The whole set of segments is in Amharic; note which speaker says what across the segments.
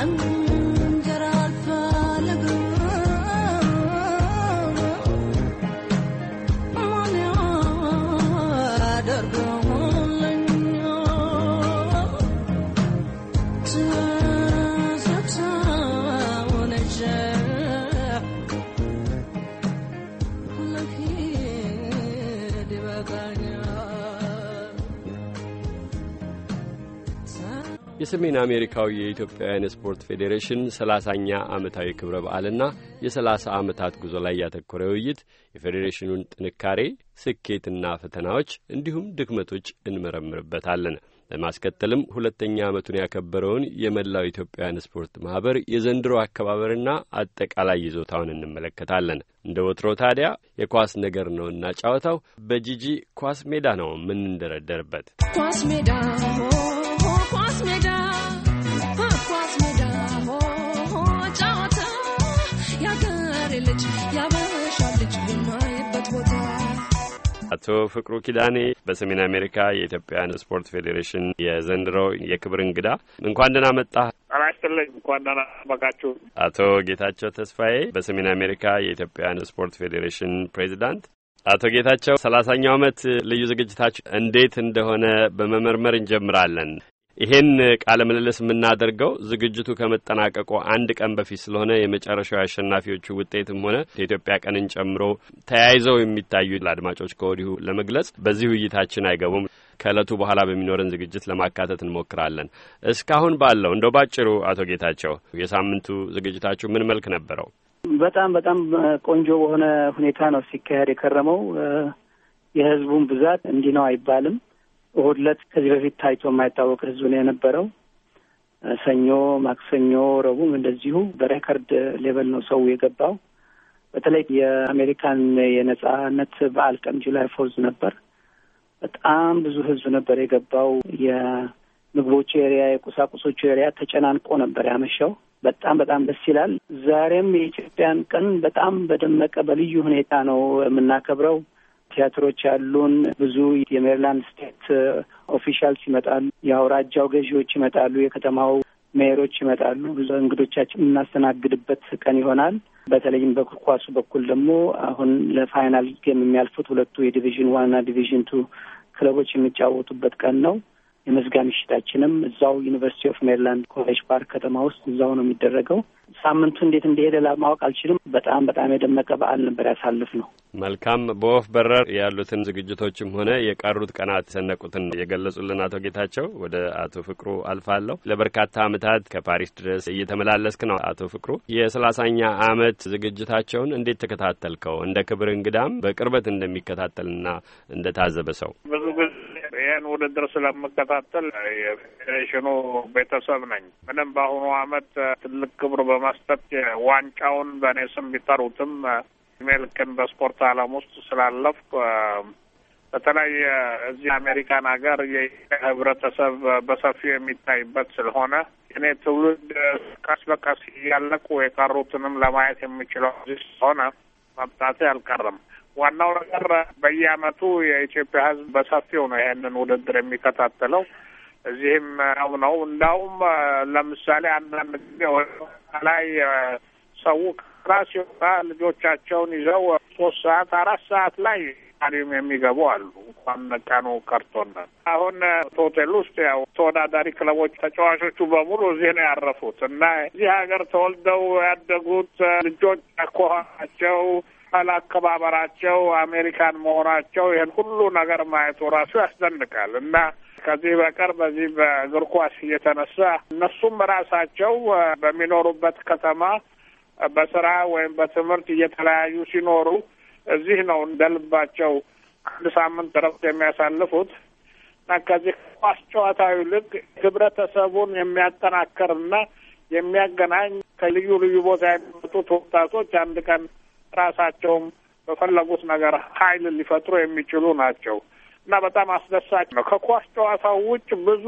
Speaker 1: I'm.
Speaker 2: የሰሜን አሜሪካው የኢትዮጵያውያን ስፖርት ፌዴሬሽን ሰላሳኛ ዓመታዊ ክብረ በዓልና የሰላሳ ዓመታት ጉዞ ላይ ያተኮረ ውይይት የፌዴሬሽኑን ጥንካሬ፣ ስኬትና ፈተናዎች እንዲሁም ድክመቶች እንመረምርበታለን። ለማስከተልም ሁለተኛ ዓመቱን ያከበረውን የመላው ኢትዮጵያውያን ስፖርት ማኅበር የዘንድሮ አከባበርና አጠቃላይ ይዞታውን እንመለከታለን። እንደ ወትሮ ታዲያ የኳስ ነገር ነውና ጫወታው በጂጂ ኳስ ሜዳ ነው የምንደረደርበት
Speaker 1: ኳስ ሜዳ ኳስ ሜዳ
Speaker 2: አቶ ፍቅሩ ኪዳኔ በሰሜን አሜሪካ የኢትዮጵያን ስፖርት ፌዴሬሽን የዘንድሮ የክብር እንግዳ እንኳን ደህና መጣ።
Speaker 3: አናስትልኝ እንኳን ደህና መጣችሁ።
Speaker 2: አቶ ጌታቸው ተስፋዬ በሰሜን አሜሪካ የኢትዮጵያን ስፖርት ፌዴሬሽን ፕሬዚዳንት። አቶ ጌታቸው ሰላሳኛው ዓመት ልዩ ዝግጅታችሁ እንዴት እንደሆነ በመመርመር እንጀምራለን። ይሄን ቃለ ምልልስ የምናደርገው ዝግጅቱ ከመጠናቀቁ አንድ ቀን በፊት ስለሆነ የመጨረሻው አሸናፊዎቹ ውጤትም ሆነ የኢትዮጵያ ቀንን ጨምሮ ተያይዘው የሚታዩ ለአድማጮች ከወዲሁ ለመግለጽ በዚህ ውይይታችን አይገቡም። ከእለቱ በኋላ በሚኖረን ዝግጅት ለማካተት እንሞክራለን። እስካሁን ባለው እንደው ባጭሩ፣ አቶ ጌታቸው የሳምንቱ ዝግጅታችሁ ምን መልክ ነበረው?
Speaker 4: በጣም በጣም ቆንጆ በሆነ ሁኔታ ነው ሲካሄድ የከረመው። የህዝቡን ብዛት እንዲህ ነው አይባልም እሁድ ዕለት ከዚህ በፊት ታይቶ የማይታወቅ ህዝብ ነው የነበረው። ሰኞ፣ ማክሰኞ፣ ረቡዕም እንደዚሁ በሬከርድ ሌቨል ነው ሰው የገባው። በተለይ የአሜሪካን የነጻነት በዓል ቀን ጁላይ ፎርዝ ነበር። በጣም ብዙ ህዝብ ነበር የገባው። የምግቦቹ ኤሪያ፣ የቁሳቁሶቹ ኤሪያ ተጨናንቆ ነበር ያመሻው። በጣም በጣም ደስ ይላል። ዛሬም የኢትዮጵያን ቀን በጣም በደመቀ በልዩ ሁኔታ ነው የምናከብረው። ቲያትሮች ያሉን ብዙ የሜሪላንድ ስቴት ኦፊሻልስ ይመጣሉ። የአውራጃው ገዢዎች ይመጣሉ። የከተማው ሜየሮች ይመጣሉ። ብዙ እንግዶቻችን የምናስተናግድበት ቀን ይሆናል። በተለይም በእግር ኳሱ በኩል ደግሞ አሁን ለፋይናል ጌም የሚያልፉት ሁለቱ የዲቪዥን ዋንና ዲቪዥን ቱ ክለቦች የሚጫወቱበት ቀን ነው። የመዝጋ ምሽታችንም እዛው ዩኒቨርሲቲ ኦፍ ሜሪላንድ ኮሌጅ ፓርክ ከተማ ውስጥ እዛው ነው የሚደረገው። ሳምንቱ እንዴት እንደሄደ ማወቅ አልችልም። በጣም በጣም የደመቀ በዓል ነበር ያሳልፍ ነው።
Speaker 2: መልካም። በወፍ በረር ያሉትን ዝግጅቶችም ሆነ የቀሩት ቀናት የሰነቁትን የገለጹልን አቶ ጌታቸው ወደ አቶ ፍቅሩ አልፋለሁ። ለበርካታ ዓመታት ከፓሪስ ድረስ እየተመላለስክ ነው አቶ ፍቅሩ። የሰላሳኛ ዓመት ዝግጅታቸውን እንዴት ተከታተልከው? እንደ ክብር እንግዳም በቅርበት እንደሚከታተልና እንደታዘበ ሰው
Speaker 3: ብዙ ጊዜ ይህን ውድድር ስለምከታተል የፌዴሬሽኑ ቤተሰብ ነኝ። ምንም በአሁኑ አመት ትልቅ ክብር በመስጠት ዋንጫውን በእኔ ስም ቢጠሩትም ሜልክን በስፖርት አለም ውስጥ ስላለፍኩ በተለይ እዚህ አሜሪካን ሀገር የህብረተሰብ በሰፊው የሚታይበት ስለሆነ እኔ ትውልድ ቀስ በቀስ እያለቁ የቀሩትንም ለማየት የሚችለው ስለሆነ መምጣቴ አልቀርም። ዋናው ነገር በየአመቱ የኢትዮጵያ ሕዝብ በሰፊው ነው ይሄንን ውድድር የሚከታተለው። እዚህም ያው ነው። እንዳውም ለምሳሌ አንዳንድ ጊዜ ላይ ሰው ከስራ ሲወጣ ልጆቻቸውን ይዘው ሶስት ሰዓት አራት ሰዓት ላይ ስታዲየም የሚገቡ አሉ። እንኳን ቀኑ ቀርቶና አሁን ሆቴል ውስጥ ያው ተወዳዳሪ ክለቦች ተጫዋቾቹ በሙሉ እዚህ ነው ያረፉት እና እዚህ ሀገር ተወልደው ያደጉት ልጆች ከኋላቸው አከባበራቸው አሜሪካን መሆናቸው ይህን ሁሉ ነገር ማየቱ ራሱ ያስደንቃል እና ከዚህ በቀር በዚህ በእግር ኳስ እየተነሳ እነሱም ራሳቸው በሚኖሩበት ከተማ በስራ ወይም በትምህርት እየተለያዩ ሲኖሩ እዚህ ነው እንደልባቸው አንድ ሳምንት ረፍት የሚያሳልፉት እና ከዚህ ኳስ ጨዋታ ይልቅ ህብረተሰቡን የሚያጠናክርና የሚያገናኝ ከልዩ ልዩ ቦታ የሚመጡት ወጣቶች አንድ ቀን ራሳቸውም በፈለጉት ነገር ኃይል ሊፈጥሩ የሚችሉ ናቸው እና በጣም አስደሳች ነው። ከኳስ ጨዋታው ውጭ ብዙ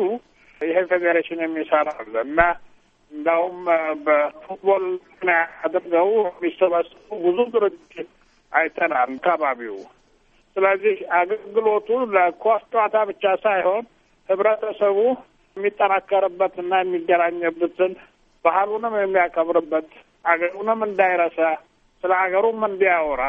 Speaker 3: ይሄ ፌዴሬሽን የሚሰራ አለ እና እንዳውም በፉትቦል ምክንያት አድርገው የሚሰበስቡ ብዙ ድርጅት አይተናል አካባቢው። ስለዚህ አገልግሎቱ ለኳስ ጨዋታ ብቻ ሳይሆን ህብረተሰቡ የሚጠናከርበት እና የሚገናኝበትን ባህሉንም የሚያከብርበት አገሩንም እንዳይረሳ ስለ ሀገሩም እንዲያወራ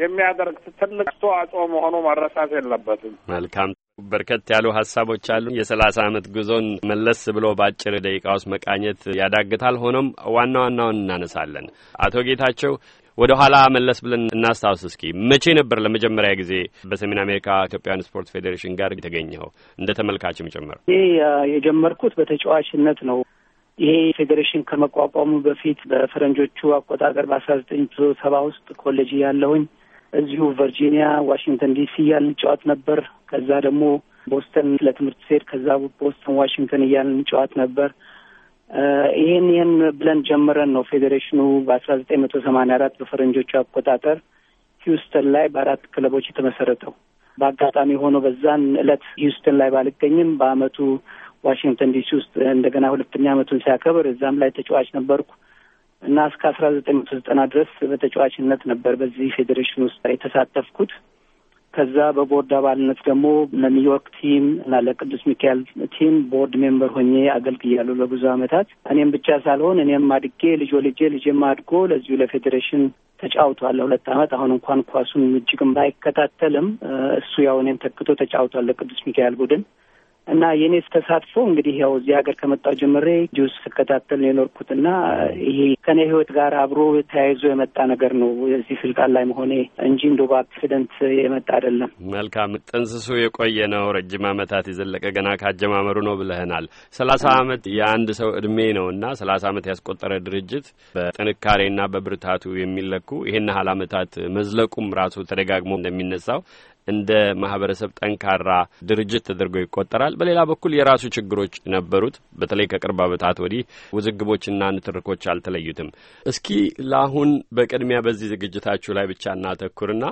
Speaker 3: የሚያደርግ ትልቅ አስተዋጽኦ መሆኑ መረሳት የለበትም።
Speaker 2: መልካም በርከት ያሉ ሀሳቦች አሉ። የሰላሳ አመት ጉዞን መለስ ብሎ በአጭር ደቂቃ ውስጥ መቃኘት ያዳግታል። ሆኖም ዋና ዋናውን እናነሳለን። አቶ ጌታቸው ወደ ኋላ መለስ ብለን እናስታውስ እስኪ መቼ ነበር ለመጀመሪያ ጊዜ በሰሜን አሜሪካ ኢትዮጵያውያን ስፖርት ፌዴሬሽን ጋር የተገኘኸው? እንደ ተመልካችም ጭምር
Speaker 4: ይህ የጀመርኩት በተጫዋችነት ነው። ይሄ ፌዴሬሽን ከመቋቋሙ በፊት በፈረንጆቹ አቆጣጠር በአስራ ዘጠኝ መቶ ሰባ ውስጥ ኮሌጅ ያለሁኝ እዚሁ ቨርጂኒያ፣ ዋሽንግተን ዲሲ እያልን ጨዋት ነበር። ከዛ ደግሞ ቦስተን ለትምህርት ስሄድ ከዛ ቦስተን ዋሽንግተን እያልን ጨዋት ነበር። ይህን ይህን ብለን ጀምረን ነው ፌዴሬሽኑ በአስራ ዘጠኝ መቶ ሰማንያ አራት በፈረንጆቹ አቆጣጠር ሂውስተን ላይ በአራት ክለቦች የተመሰረተው። በአጋጣሚ ሆኖ በዛን እለት ሂውስተን ላይ ባልገኝም በአመቱ ዋሽንግተን ዲሲ ውስጥ እንደገና ሁለተኛ ዓመቱን ሲያከብር እዛም ላይ ተጫዋች ነበርኩ እና እስከ አስራ ዘጠኝ መቶ ዘጠና ድረስ በተጫዋችነት ነበር በዚህ ፌዴሬሽን ውስጥ የተሳተፍኩት። ከዛ በቦርድ አባልነት ደግሞ ለኒውዮርክ ቲም እና ለቅዱስ ሚካኤል ቲም ቦርድ ሜምበር ሆኜ አገልግያለሁ ለብዙ ዓመታት። እኔም ብቻ ሳልሆን እኔም አድጌ ልጆ ልጄ ልጄም አድጎ ለዚሁ ለፌዴሬሽን ተጫውቷል ለሁለት ዓመት። አሁን እንኳን ኳሱን እጅግም ባይከታተልም እሱ ያው እኔም ተክቶ ተጫውቷል ለቅዱስ ሚካኤል ቡድን። እና የእኔ ተሳትፎ እንግዲህ ያው እዚህ ሀገር ከመጣው ጀምሬ ጁስ ስከታተል ነው የኖርኩት እና ይሄ ከኔ ህይወት ጋር አብሮ ተያይዞ የመጣ ነገር ነው እዚህ ስልጣን ላይ መሆኔ እንጂ እንደው በአክሲደንት የመጣ አይደለም።
Speaker 2: መልካም ጥንስሱ የቆየ ነው። ረጅም ዓመታት የዘለቀ ገና ካጀማመሩ ነው ብለህናል። ሰላሳ አመት የአንድ ሰው እድሜ ነው እና ሰላሳ አመት ያስቆጠረ ድርጅት በጥንካሬና በብርታቱ የሚለኩ ይህን ያህል ዓመታት መዝለቁም ራሱ ተደጋግሞ እንደሚነሳው እንደ ማህበረሰብ ጠንካራ ድርጅት ተደርጎ ይቆጠራል። በሌላ በኩል የራሱ ችግሮች ነበሩት። በተለይ ከቅርብ ዓመታት ወዲህ ውዝግቦችና ንትርኮች አልተለዩትም። እስኪ ለአሁን በቅድሚያ በዚህ ዝግጅታችሁ ላይ ብቻ እናተኩርና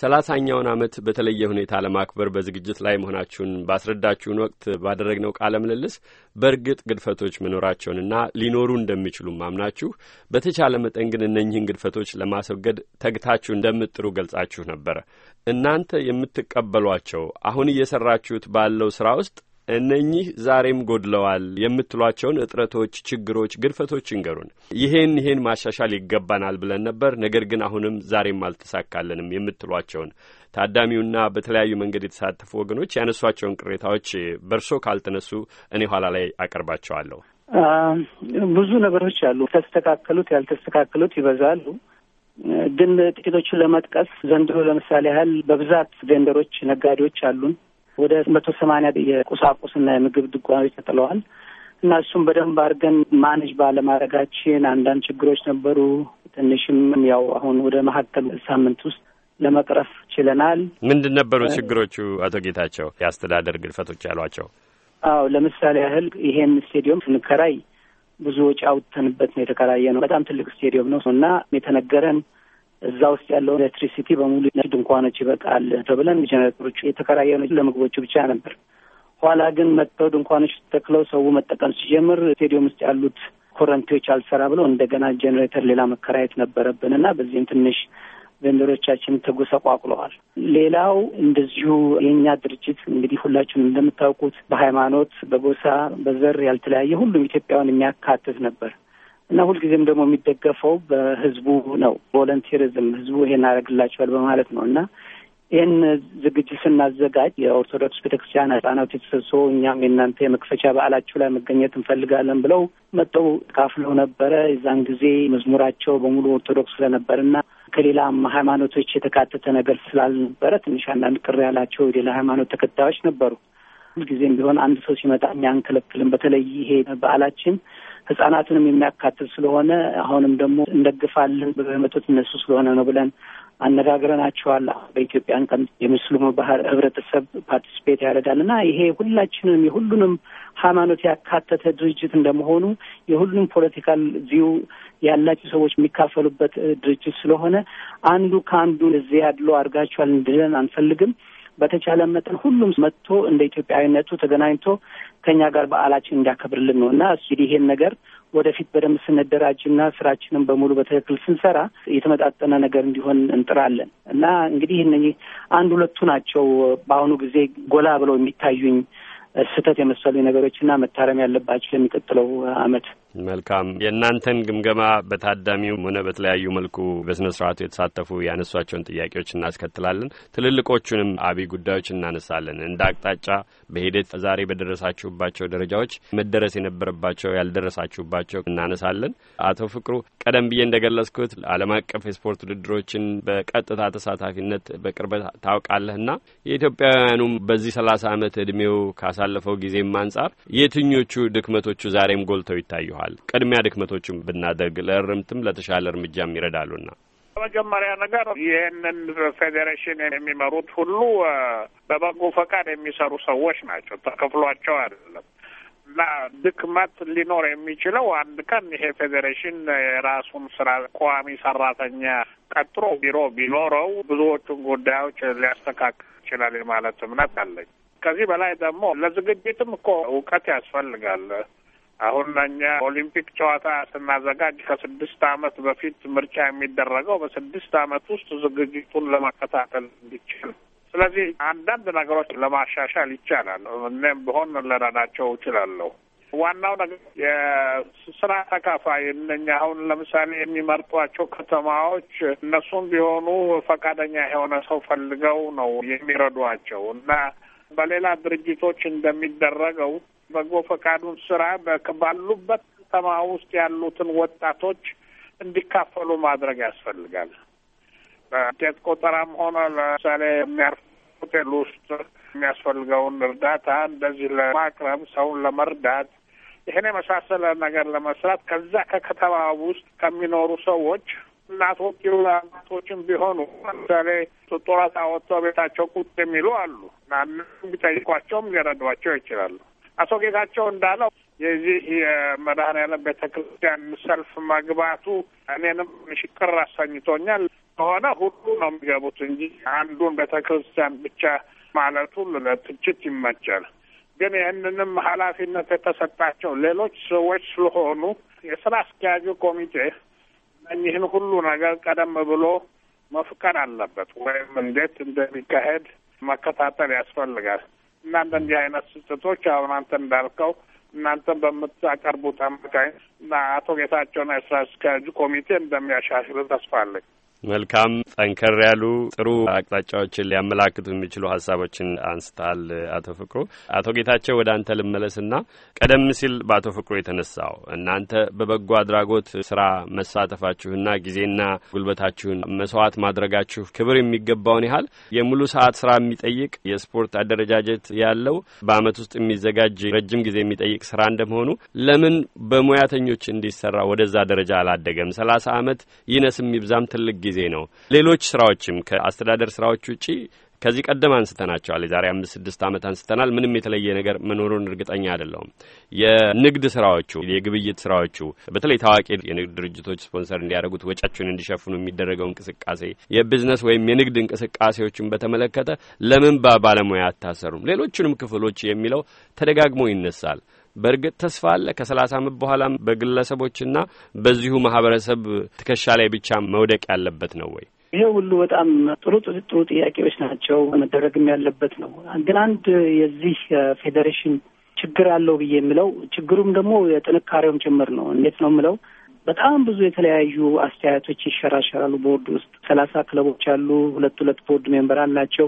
Speaker 2: ሰላሳኛውን ዓመት በተለየ ሁኔታ ለማክበር በዝግጅት ላይ መሆናችሁን ባስረዳችሁን ወቅት ባደረግነው ቃለ ምልልስ በእርግጥ ግድፈቶች መኖራቸውንና ሊኖሩ እንደሚችሉ ማምናችሁ በተቻለ መጠን ግን እነኝህን ግድፈቶች ለማስወገድ ተግታችሁ እንደምጥሩ ገልጻችሁ ነበረ። እናንተ የምትቀበሏቸው አሁን እየሰራችሁት ባለው ስራ ውስጥ እነኚህ ዛሬም ጎድለዋል የምትሏቸውን እጥረቶች፣ ችግሮች፣ ግድፈቶች እንገሩን። ይሄን ይሄን ማሻሻል ይገባናል ብለን ነበር፣ ነገር ግን አሁንም ዛሬም አልተሳካልንም የምትሏቸውን ታዳሚውና በተለያዩ መንገድ የተሳተፉ ወገኖች ያነሷቸውን ቅሬታዎች በርሶ ካልተነሱ እኔ ኋላ ላይ አቀርባቸዋለሁ።
Speaker 4: ብዙ ነገሮች አሉ። ተስተካከሉት ያልተስተካከሉት ይበዛሉ። ግን ጥቂቶቹን ለመጥቀስ ዘንድሮ ለምሳሌ ያህል በብዛት ቬንደሮች፣ ነጋዴዎች አሉን። ወደ መቶ ሰማንያ የቁሳቁስና የምግብ ድንኳኖች ተጥለዋል እና እሱም በደንብ አድርገን ማነጅ ባለማድረጋችን አንዳንድ ችግሮች ነበሩ። ትንሽም ያው አሁን ወደ መካከል ሳምንት ውስጥ ለመቅረፍ ችለናል።
Speaker 2: ምንድን ነበሩ ችግሮቹ አቶ ጌታቸው? የአስተዳደር ግድፈቶች ያሏቸው?
Speaker 4: አዎ ለምሳሌ ያህል ይሄን ስቴዲየም ስንከራይ ብዙ ወጪ አውጥተንበት ነው የተከራየ ነው። በጣም ትልቅ ስቴዲየም ነው እና የተነገረን እዛ ውስጥ ያለው ኤሌክትሪሲቲ በሙሉ ድንኳኖች ይበቃል ተብለን ጀነሬተሮቹ የተከራየ ነው ለምግቦቹ ብቻ ነበር። ኋላ ግን መጥተው ድንኳኖች ተክለው ሰው መጠቀም ሲጀምር ስቴዲየም ውስጥ ያሉት ኮረንቲዎች አልሰራ ብለው እንደገና ጀኔሬተር ሌላ መከራየት ነበረብን እና በዚህም ትንሽ ቬንደሮቻችን ተጎሳቋቁለዋል። ሌላው እንደዚሁ የእኛ ድርጅት እንግዲህ ሁላችሁም እንደምታውቁት በሃይማኖት፣ በጎሳ፣ በዘር ያልተለያየ ሁሉም ኢትዮጵያውን የሚያካትት ነበር እና ሁልጊዜም ደግሞ የሚደገፈው በህዝቡ ነው። ቮለንቲሪዝም ህዝቡ ይሄን አደርግላቸዋል በማለት ነው እና ይህን ዝግጅት ስናዘጋጅ የኦርቶዶክስ ቤተክርስቲያን ህጻናት የተሰብሰቡ እኛም የእናንተ የመክፈቻ በዓላችሁ ላይ መገኘት እንፈልጋለን ብለው መጠው ካፍለው ነበረ። የዛን ጊዜ መዝሙራቸው በሙሉ ኦርቶዶክስ ስለነበር እና ከሌላም ሃይማኖቶች የተካተተ ነገር ስላልነበረ ትንሽ አንዳንድ ቅር ያላቸው የሌላ ሃይማኖት ተከታዮች ነበሩ። ሁልጊዜም ቢሆን አንድ ሰው ሲመጣ እኛ በተለይ ይሄ በዓላችን ህጻናትንም የሚያካትል ስለሆነ አሁንም ደግሞ እንደግፋለን። በመጡት እነሱ ስለሆነ ነው ብለን አነጋግረናቸዋል። በኢትዮጵያን ቀን የሙስሊሙ ባህል ህብረተሰብ ፓርቲስፔት ያደርጋል እና ይሄ ሁላችንም የሁሉንም ሃይማኖት ያካተተ ድርጅት እንደመሆኑ የሁሉንም ፖለቲካል ቪው ያላቸው ሰዎች የሚካፈሉበት ድርጅት ስለሆነ አንዱ ከአንዱ እዚህ ያድሎ አድርጋችኋል እንድለን አንፈልግም። በተቻለ መጠን ሁሉም መጥቶ እንደ ኢትዮጵያዊነቱ ተገናኝቶ ከኛ ጋር በዓላችን እንዲያከብርልን ነው እና እንግዲህ ይሄን ነገር ወደፊት በደንብ ስንደራጅና ስራችንን በሙሉ በትክክል ስንሰራ የተመጣጠነ ነገር እንዲሆን እንጥራለን እና እንግዲህ እነኚህ አንድ ሁለቱ ናቸው በአሁኑ ጊዜ ጎላ ብለው የሚታዩኝ ስህተት የመሰሉ ነገሮችና መታረም ያለባቸው የሚቀጥለው አመት
Speaker 2: መልካም የእናንተን ግምገማ በታዳሚው ሆነ በተለያዩ መልኩ በስነ ስርአቱ የተሳተፉ ያነሷቸውን ጥያቄዎች እናስከትላለን። ትልልቆቹንም አብይ ጉዳዮች እናነሳለን። እንደ አቅጣጫ በሂደት ዛሬ በደረሳችሁባቸው ደረጃዎች መደረስ የነበረባቸው ያልደረሳችሁባቸው እናነሳለን። አቶ ፍቅሩ ቀደም ብዬ ገለጽኩት ዓለም አቀፍ የስፖርት ውድድሮችን በቀጥታ ተሳታፊነት በቅርበት ታውቃለህና የኢትዮጵያውያኑም በዚህ ሰላሳ ዓመት እድሜው ካሳለፈው ጊዜም አንጻር የትኞቹ ድክመቶቹ ዛሬም ጎልተው ይታዩሃል? ይገባል። ቅድሚያ ድክመቶችን ብናደርግ ለእርምትም ለተሻለ እርምጃም ይረዳሉና
Speaker 3: መጀመሪያ ነገር ይህንን ፌዴሬሽን የሚመሩት ሁሉ በበጎ ፈቃድ የሚሰሩ ሰዎች ናቸው። ተከፍሏቸው አይደለም እና ድክመት ሊኖር የሚችለው አንድ ቀን ይሄ ፌዴሬሽን የራሱን ስራ ቋሚ ሰራተኛ ቀጥሮ ቢሮ ቢኖረው ብዙዎቹን ጉዳዮች ሊያስተካክል ይችላል የማለት እምነት አለኝ። ከዚህ በላይ ደግሞ ለዝግጅትም እኮ እውቀት ያስፈልጋል። አሁን ለእኛ ኦሊምፒክ ጨዋታ ስናዘጋጅ ከስድስት አመት በፊት ምርጫ የሚደረገው በስድስት አመት ውስጥ ዝግጅቱን ለመከታተል እንዲችል ስለዚህ አንዳንድ ነገሮች ለማሻሻል ይቻላል። እኔም ብሆን ልረዳቸው እችላለሁ። ዋናው ነገር የስራ ተካፋይ እነኛ አሁን ለምሳሌ የሚመርጧቸው ከተማዎች እነሱም ቢሆኑ ፈቃደኛ የሆነ ሰው ፈልገው ነው የሚረዷቸው እና በሌላ ድርጅቶች እንደሚደረገው በጎ ፈቃዱን ስራ ባሉበት ከተማ ውስጥ ያሉትን ወጣቶች እንዲካፈሉ ማድረግ ያስፈልጋል። በጤት ቆጠራም ሆነ ለምሳሌ የሚያርፍ ሆቴል ውስጥ የሚያስፈልገውን እርዳታ እንደዚህ ለማቅረብ ሰውን ለመርዳት ይህን የመሳሰለ ነገር ለመስራት ከዛ ከከተማ ውስጥ ከሚኖሩ ሰዎች እናቶች እናቶችም ቢሆኑ ለምሳሌ ጡረታ ወጥተው ቤታቸው ቁጭ የሚሉ አሉ እና ቢጠይቋቸውም ሊረዷቸው ይችላሉ። አቶ ጌታቸው እንዳለው የዚህ የመድኃኔዓለም ቤተ ክርስቲያን ሰልፍ መግባቱ እኔንም ሽቅር አሰኝቶኛል። ከሆነ ሁሉ ነው የሚገቡት እንጂ አንዱን ቤተ ክርስቲያን ብቻ ማለቱ ለትችት ይመቻል። ግን ይህንንም ኃላፊነት የተሰጣቸው ሌሎች ሰዎች ስለሆኑ የስራ አስኪያጁ ኮሚቴ እኚህን ሁሉ ነገር ቀደም ብሎ መፍቀድ አለበት ወይም እንዴት እንደሚካሄድ መከታተል ያስፈልጋል። እናንተ እንዲህ አይነት ስህተቶች አሁን አንተ እንዳልከው እናንተ በምታቀርቡት አማካኝ እና አቶ ጌታቸውና ጌታቸውን አስራስኪያጁ ኮሚቴ እንደሚያሻሽሉ ተስፋ አለኝ።
Speaker 2: መልካም ጠንከር ያሉ ጥሩ አቅጣጫዎችን ሊያመላክቱ የሚችሉ ሀሳቦችን አንስታል አቶ ፍቅሩ። አቶ ጌታቸው ወደ አንተ ልመለስና ቀደም ሲል በአቶ ፍቅሩ የተነሳው እናንተ በበጎ አድራጎት ስራ መሳተፋችሁና ጊዜና ጉልበታችሁን መስዋዕት ማድረጋችሁ ክብር የሚገባውን ያህል የሙሉ ሰዓት ስራ የሚጠይቅ የስፖርት አደረጃጀት ያለው በአመት ውስጥ የሚዘጋጅ ረጅም ጊዜ የሚጠይቅ ስራ እንደመሆኑ ለምን በሙያተኞች እንዲሰራ ወደዛ ደረጃ አላደገም? ሰላሳ አመት ይነስ የሚብዛም ትልቅ ጊዜ ነው። ሌሎች ስራዎችም ከአስተዳደር ስራዎች ውጪ ከዚህ ቀደም አንስተናቸዋል። የዛሬ አምስት ስድስት ዓመት አንስተናል። ምንም የተለየ ነገር መኖሩን እርግጠኛ አይደለውም። የንግድ ስራዎቹ፣ የግብይት ስራዎቹ በተለይ ታዋቂ የንግድ ድርጅቶች ስፖንሰር እንዲያደርጉት ወጪያቸውን እንዲሸፍኑ የሚደረገው እንቅስቃሴ የቢዝነስ ወይም የንግድ እንቅስቃሴዎችን በተመለከተ ለምን ባለሙያ አታሰሩም ሌሎቹንም ክፍሎች የሚለው ተደጋግሞ ይነሳል። በእርግጥ ተስፋ አለ። ከሰላሳ አመት በኋላም በግለሰቦችና በዚሁ ማህበረሰብ ትከሻ ላይ ብቻ መውደቅ ያለበት ነው ወይ?
Speaker 4: ይሄ ሁሉ በጣም ጥሩ ጥሩ ጥያቄዎች ናቸው። መደረግም ያለበት ነው። ግን አንድ የዚህ ፌዴሬሽን ችግር አለው ብዬ የምለው ችግሩም ደግሞ የጥንካሬውም ጭምር ነው። እንዴት ነው የምለው በጣም ብዙ የተለያዩ አስተያየቶች ይሸራሸራሉ። ቦርድ ውስጥ ሰላሳ ክለቦች አሉ። ሁለት ሁለት ቦርድ ሜምበር አላቸው።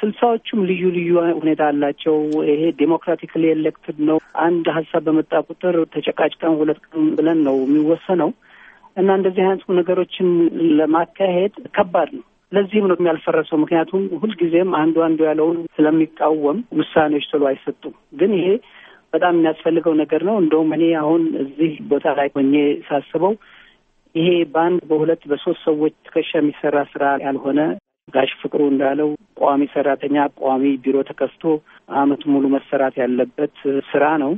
Speaker 4: ስልሳዎቹም ልዩ ልዩ ሁኔታ አላቸው። ይሄ ዴሞክራቲክሊ ኤሌክትድ ነው። አንድ ሀሳብ በመጣ ቁጥር ተጨቃጭቀን ሁለት ቀን ብለን ነው የሚወሰነው እና እንደዚህ አይነት ነገሮችን ለማካሄድ ከባድ ነው። ለዚህም ነው የሚያልፈረሰው። ምክንያቱም ሁልጊዜም አንዱ አንዱ ያለውን ስለሚቃወም ውሳኔዎች ቶሎ አይሰጡም። ግን ይሄ በጣም የሚያስፈልገው ነገር ነው። እንደውም እኔ አሁን እዚህ ቦታ ላይ ሆኜ ሳስበው ይሄ በአንድ በሁለት በሶስት ሰዎች ትከሻ የሚሰራ ስራ ያልሆነ ጋሽ ፍቅሩ እንዳለው ቋሚ ሰራተኛ ቋሚ ቢሮ ተከስቶ አመት ሙሉ መሰራት ያለበት ስራ ነው።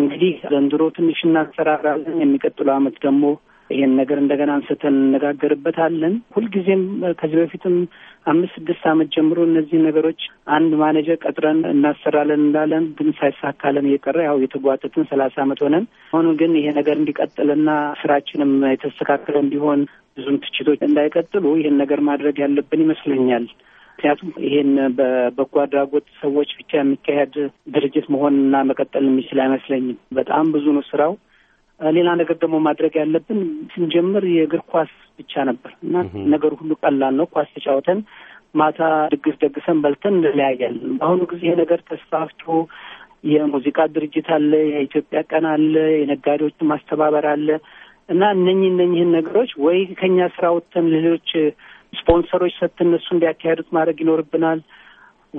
Speaker 4: እንግዲህ ዘንድሮ ትንሽ እናሰራራለን። የሚቀጥለው አመት ደግሞ ይሄን ነገር እንደገና አንስተን እንነጋገርበታለን። ሁልጊዜም ከዚህ በፊትም አምስት ስድስት አመት ጀምሮ እነዚህ ነገሮች አንድ ማኔጀር ቀጥረን እናሰራለን እንዳለን ግን ሳይሳካለን እየቀረ ያው የተጓተትን ሰላሳ አመት ሆነን። አሁን ግን ይሄ ነገር እንዲቀጥልና ስራችንም የተስተካከለ እንዲሆን ብዙም ትችቶች እንዳይቀጥሉ ይህን ነገር ማድረግ ያለብን ይመስለኛል። ምክንያቱም ይህን በበጎ አድራጎት ሰዎች ብቻ የሚካሄድ ድርጅት መሆንና መቀጠል የሚችል አይመስለኝም። በጣም ብዙ ነው ስራው። ሌላ ነገር ደግሞ ማድረግ ያለብን ስንጀምር የእግር ኳስ ብቻ ነበር እና ነገሩ ሁሉ ቀላል ነው። ኳስ ተጫወተን ማታ ድግስ ደግሰን በልተን እንለያያለን። በአሁኑ ጊዜ ይሄ ነገር ተስፋፍቶ የሙዚቃ ድርጅት አለ፣ የኢትዮጵያ ቀን አለ፣ የነጋዴዎች ማስተባበር አለ። እና እነኚህ እነኚህን ነገሮች ወይ ከኛ ስራ ወጥተን ሌሎች ስፖንሰሮች ሰጥ እነሱ እንዲያካሄዱት ማድረግ ይኖርብናል።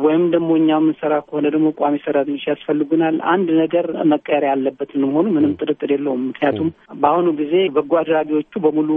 Speaker 4: ወይም ደግሞ እኛ የምንሰራ ከሆነ ደግሞ ቋሚ ሰራተኞች ያስፈልጉናል። አንድ ነገር መቀየር ያለበት መሆኑ ምንም ጥርጥር የለውም። ምክንያቱም በአሁኑ ጊዜ በጎ አድራጊዎቹ በሙሉ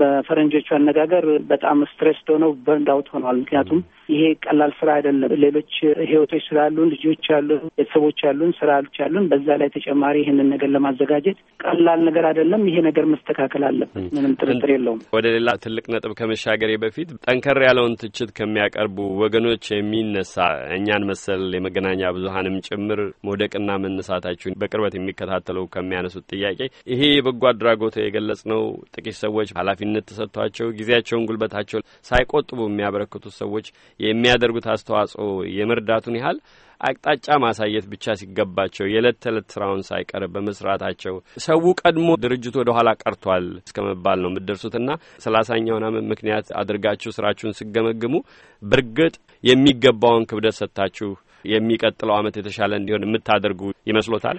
Speaker 4: በፈረንጆቹ አነጋገር በጣም ስትሬስ ሆነው በርንድ አውት ሆነዋል። ምክንያቱም ይሄ ቀላል ስራ አይደለም። ሌሎች ህይወቶች ስላሉን፣ ልጆች አሉን፣ ቤተሰቦች አሉን፣ ስራዎች አሉን። በዛ ላይ ተጨማሪ ይህንን ነገር ለማዘጋጀት ቀላል ነገር አይደለም። ይሄ ነገር መስተካከል አለበት፣ ምንም ጥርጥር የለውም።
Speaker 2: ወደ ሌላ ትልቅ ነጥብ ከመሻገሬ በፊት ጠንከር ያለውን ትችት ከሚያቀርቡ ወገኖች የሚነሳ እኛን መሰል የመገናኛ ብዙሀንም ጭምር መውደቅና መነሳታችሁን በቅርበት የሚከታተሉ ከሚያነሱት ጥያቄ ይሄ የበጎ አድራጎት የገለጽ ነው ጥቂት ሰዎች ኃላፊነት ተሰጥቷቸው ጊዜያቸውን፣ ጉልበታቸው ሳይቆጥቡ የሚያበረክቱት ሰዎች የሚያደርጉት አስተዋጽኦ የመርዳቱን ያህል አቅጣጫ ማሳየት ብቻ ሲገባቸው የዕለት ተዕለት ስራውን ሳይቀር በመስራታቸው ሰው ቀድሞ ድርጅቱ ወደ ኋላ ቀርቷል እስከ መባል ነው የምትደርሱትና ሰላሳኛውን ዓመት ምክንያት አድርጋችሁ ስራችሁን ስገመግሙ በእርግጥ የሚገባውን ክብደት ሰጥታችሁ የሚቀጥለው ዓመት የተሻለ እንዲሆን የምታደርጉ ይመስሎታል?